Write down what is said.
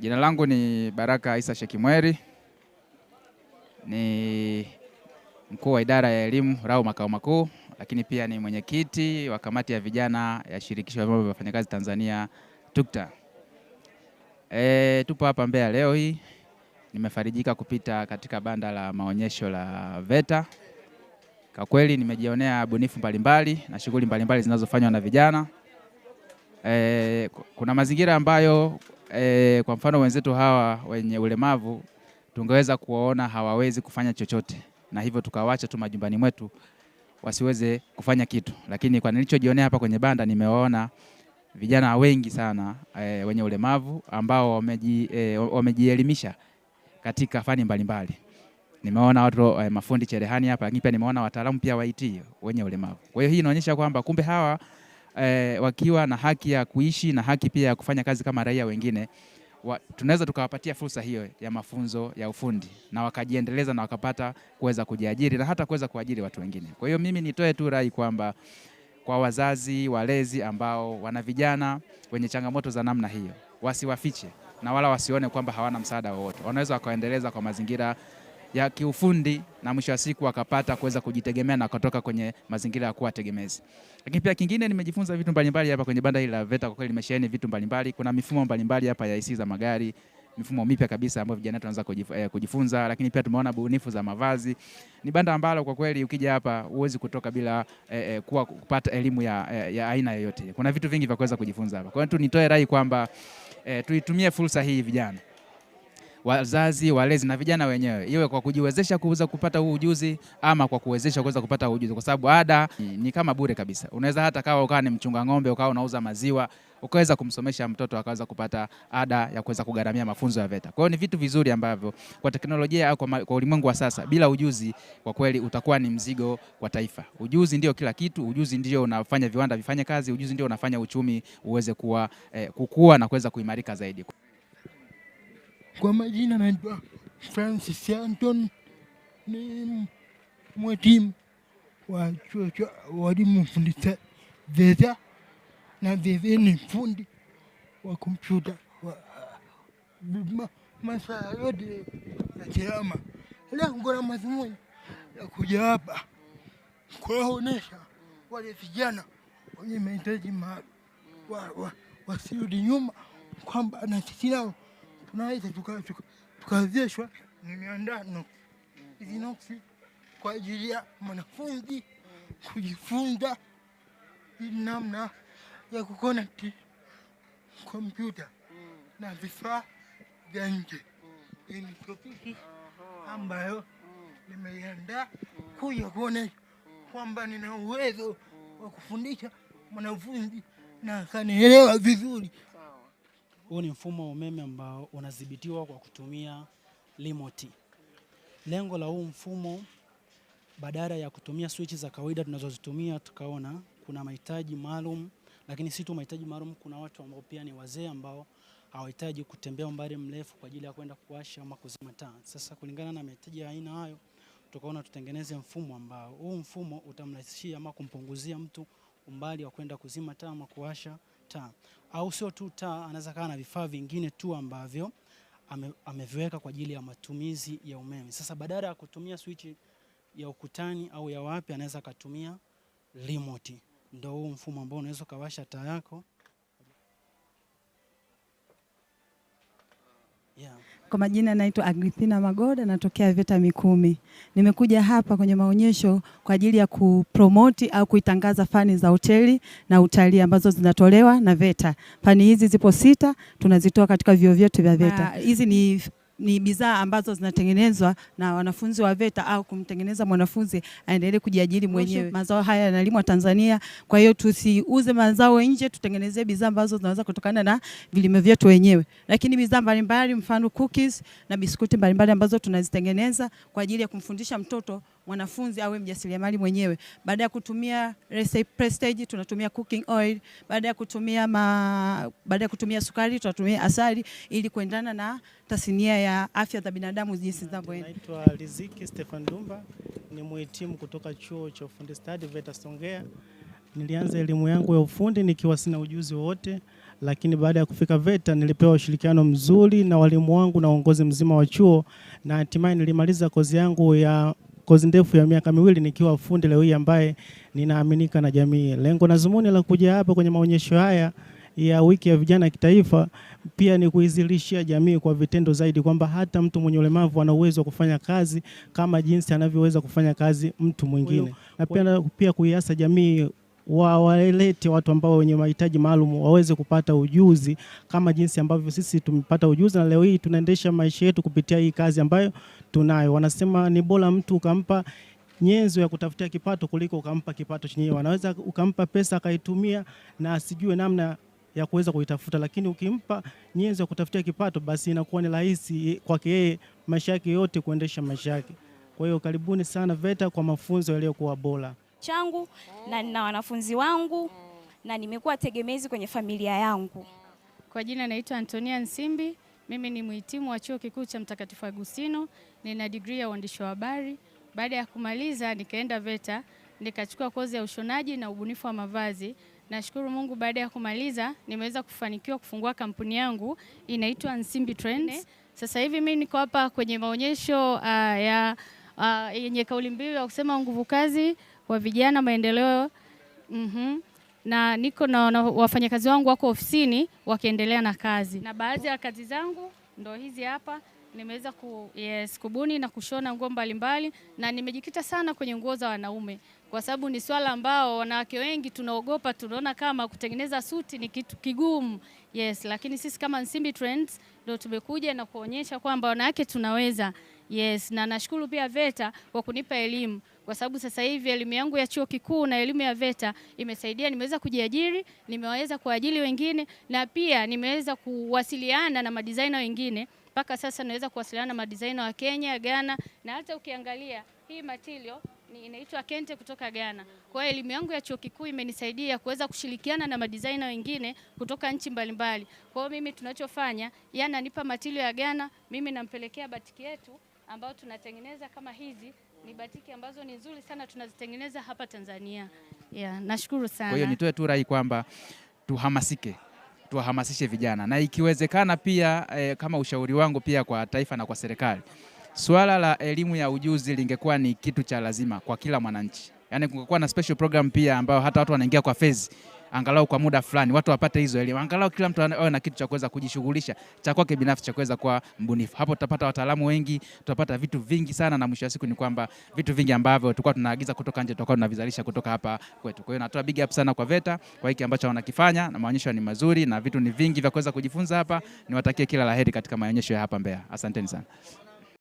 Jina langu ni Baraka Isa Shekimweri, ni mkuu wa idara ya elimu RAU makao makuu, lakini pia ni mwenyekiti wa kamati ya vijana ya shirikisho la vyama vya wafanyakazi Tanzania TUCTA. E, tupo hapa Mbeya leo hii, nimefarijika kupita katika banda la maonyesho la VETA. Kwa kweli nimejionea bunifu mbalimbali na shughuli mbalimbali zinazofanywa na vijana. E, kuna mazingira ambayo e, kwa mfano wenzetu hawa wenye ulemavu tungeweza kuwaona hawawezi kufanya chochote, na hivyo tukawacha tu majumbani mwetu wasiweze kufanya kitu, lakini kwa nilichojionea hapa kwenye banda nimewaona vijana wengi sana e, wenye ulemavu ambao wamejielimisha e, eh, wamejielimisha katika fani mbalimbali. Nimeona watu e, mafundi cherehani hapa, lakini pia nimeona wataalamu pia wa IT wenye ulemavu. Kwa hiyo hii inaonyesha kwamba kumbe hawa eh, wakiwa na haki ya kuishi na haki pia ya kufanya kazi kama raia wengine tunaweza tukawapatia fursa hiyo ya mafunzo ya ufundi na wakajiendeleza na wakapata kuweza kujiajiri na hata kuweza kuajiri watu wengine. Kwa hiyo mimi nitoe tu rai kwamba kwa wazazi walezi ambao wana vijana wenye changamoto za namna hiyo, wasiwafiche na wala wasione kwamba hawana msaada wowote, wanaweza wakaendeleza kwa mazingira ya kiufundi na mwisho wa siku akapata kuweza kujitegemea na kutoka kwenye mazingira ya kuwa tegemezi. Lakini pia kingine nimejifunza vitu mbalimbali hapa kwenye banda hili la VETA. Kwa kweli limesheheni vitu mbalimbali, kuna mifumo mbalimbali hapa ya hisi za magari, mifumo mipya kabisa ambayo vijana tunaanza eh, kujifunza, lakini pia tumeona bunifu za mavazi. Ni banda ambalo kwa kweli ukija hapa huwezi kutoka bila eh, eh, kuwa kupata elimu ya, eh, ya aina yoyote. Kuna vitu vingi vya kuweza kujifunza hapa. Kwa hiyo tu nitoe rai kwamba eh, tuitumie fursa hii vijana wazazi, walezi na vijana wenyewe, iwe kwa kujiwezesha kuweza kupata huu ujuzi ama kwa kuwezesha kuweza kupata huu ujuzi, kwa sababu ada ni ni kama bure kabisa. Unaweza hata kawa ukawa ni mchunga ng'ombe, ukawa unauza maziwa, ukaweza kumsomesha mtoto akaweza kupata ada ya kuweza kugharamia mafunzo ya VETA. Kwa hiyo ni vitu vizuri ambavyo kwa teknolojia au kwa ulimwengu wa sasa, bila ujuzi kwa kweli utakuwa ni mzigo kwa taifa. Ujuzi ndio kila kitu, ujuzi ndio unafanya viwanda vifanye kazi, ujuzi ndio unafanya uchumi uweze kuwa eh, kukua na kuweza kuimarika zaidi. Kwa majina naitwa Francis Anton, ni mwalimu wa chuo cha walimu fundisa VETA na vilevile ni fundi wa kompyuta. Masaa yote ya tehama, leo kuna madhumuni ya kuja hapa kuwaonesha wale vijana wenye mahitaji maalum wasirudi nyuma, kwamba na sisi nao tunaweza tukawezeshwa na miandano noksi kwa ajili ya mwanafunzi kujifunza namna ya kukonekti kompyuta na vifaa vya nje. Hii ni topiki ambayo nimeiandaa kuja kuonesha kwamba nina uwezo wa kufundisha mwanafunzi na akanielewa vizuri. Huu ni mfumo wa umeme ambao unadhibitiwa kwa kutumia limoti. Lengo la huu mfumo badala ya kutumia swichi za kawaida tunazozitumia, tukaona kuna mahitaji maalum, lakini si tu mahitaji maalum, kuna watu ambao pia ni wazee ambao hawahitaji kutembea umbali mrefu kwa ajili ya kwenda kuwasha ama kuzima taa. Sasa kulingana na mahitaji ya aina hayo, tukaona tutengeneze mfumo ambao huu mfumo utamrahisishia ama kumpunguzia mtu umbali wa kwenda kuzima taa ama kuwasha taa au sio tu taa, anaweza kaa na vifaa vingine tu ambavyo ame, ameviweka kwa ajili ya matumizi ya umeme. Sasa badala ya kutumia swichi ya ukutani au ya wapi, anaweza akatumia remote. Ndio huu mfumo ambao unaweza ukawasha taa yako yeah. Kwa majina naitwa Agrithina Magoda, natokea VETA Mikumi. Nimekuja hapa kwenye maonyesho kwa ajili ya kupromoti au kuitangaza fani za hoteli na utalii ambazo zinatolewa na VETA. Fani hizi zipo sita, tunazitoa katika vyuo vyetu vya VETA. Ah, hizi ni ni bidhaa ambazo zinatengenezwa na wanafunzi wa VETA au kumtengeneza mwanafunzi aendelee kujiajiri mwenyewe. Mazao haya yanalimwa Tanzania, kwa hiyo tusiuze mazao nje, tutengenezee bidhaa ambazo zinaweza kutokana na vilimo vyetu wenyewe. Lakini bidhaa mbalimbali, mfano cookies na biskuti mbalimbali ambazo tunazitengeneza kwa ajili ya kumfundisha mtoto mwanafunzi awe mjasiriamali mwenyewe. Baada ya kutumia Prestige tunatumia cooking oil, baada ya kutumia ma, baada ya kutumia sukari tunatumia asali ili kuendana na tasnia ya afya za binadamu jinsi zinavyoenda. Naitwa Riziki Stefan Dumba, ni muhitimu kutoka chuo cha ufundi stadi VETA Songea. Nilianza elimu yangu ya ufundi nikiwa sina ujuzi wowote, lakini baada ya kufika VETA nilipewa ushirikiano mzuri na walimu wangu na uongozi mzima wa chuo, na hatimaye nilimaliza kozi yangu ya kozi ndefu ya miaka miwili nikiwa fundi leo hii ambaye ninaaminika na jamii. Lengo na zumuni la kuja hapa kwenye maonyesho haya ya wiki ya vijana ya kitaifa pia ni kuizilishia jamii kwa vitendo zaidi, kwamba hata mtu mwenye ulemavu ana uwezo wa kufanya kazi kama jinsi anavyoweza kufanya kazi mtu mwingine, na pia kuiasa jamii wawalete watu ambao wenye mahitaji maalum waweze kupata ujuzi kama jinsi ambavyo sisi tumepata ujuzi, na leo hii tunaendesha maisha yetu kupitia hii kazi ambayo tunayo. Wanasema ni bora mtu ukampa nyenzo ya kutafutia kipato kuliko ukampa kipato chenyewe. anaweza ukampa pesa akaitumia na asijue namna ya kuweza kuitafuta, lakini ukimpa nyenzo ya kutafutia kipato, basi inakuwa ni rahisi kwake yeye maisha yake yote kuendesha maisha yake. Kwa hiyo karibuni sana VETA kwa mafunzo yaliyokuwa bora changu na nina wanafunzi wangu na nimekuwa tegemezi kwenye familia yangu. Kwa jina naitwa Antonia Nsimbi. Mimi ni mhitimu wa chuo kikuu cha Mtakatifu Agustino, nina degree ya uandishi wa habari. Baada ya kumaliza, nikaenda VETA nikachukua kozi ya ushonaji na ubunifu wa mavazi. Nashukuru Mungu, baada ya kumaliza nimeweza kufanikiwa kufungua kampuni yangu inaitwa Nsimbi Trends. Sasa hivi mimi niko hapa kwenye maonyesho uh, ya ah, yenye kauli mbiu ya kusema nguvu kazi wa vijana maendeleo mm -hmm. na niko na, na wafanyakazi wangu wako ofisini wakiendelea na kazi, na baadhi ya kazi zangu ndo hizi hapa nimeweza ku, yes, kubuni na kushona nguo mbalimbali, na nimejikita sana kwenye nguo za wanaume kwa sababu ni swala ambao wanawake wengi tunaogopa, tunaona kama kutengeneza suti ni kitu kigumu. Yes, lakini sisi kama Nsimbi Trends ndio tumekuja na kuonyesha kwamba wanawake tunaweza. Yes, na nashukuru pia VETA kwa kunipa elimu kwa sababu sasa hivi elimu yangu ya chuo kikuu na elimu ya VETA imesaidia, nimeweza kujiajiri, nimeweza kuajiri wengine na pia nimeweza kuwasiliana na madizaina wengine. Mpaka sasa naweza kuwasiliana na madizaina wa Kenya, Ghana na hata ukiangalia hii matilio inaitwa Kente kutoka Ghana. Kwa hiyo elimu yangu ya chuo kikuu imenisaidia kuweza kushirikiana na madizaina wengine kutoka nchi mbalimbali. Kwa hiyo mimi tunachofanya, yananipa matilio ya Ghana, mimi nampelekea batiki yetu ambao tunatengeneza kama hizi ni batiki ambazo ni nzuri sana tunazitengeneza hapa Tanzania. Yeah, nashukuru sana. Kwa hiyo nitoe tu rai kwamba tuhamasike tuwahamasishe vijana na ikiwezekana pia eh, kama ushauri wangu pia kwa taifa na kwa serikali, swala la elimu ya ujuzi lingekuwa ni kitu cha lazima kwa kila mwananchi, yaani kungekuwa na special program pia ambayo hata watu wanaingia kwa phase angalau kwa muda fulani watu wapate hizo elimu, angalau kila mtu awe na kitu cha kuweza kujishughulisha cha kwake binafsi cha kuweza kuwa mbunifu. Hapo tutapata wataalamu wengi, tutapata vitu vingi sana, na mwisho wa siku ni kwamba vitu vingi ambavyo tulikuwa tunaagiza kutoka nje tutakuwa tunavizalisha kutoka hapa kwetu. Kwa hiyo natoa big up sana kwa VETA kwa hiki ambacho wanakifanya, na maonyesho ni mazuri na vitu ni vingi vya kuweza kujifunza hapa. Niwatakie kila laheri katika maonyesho ya hapa Mbeya. Asanteni sana.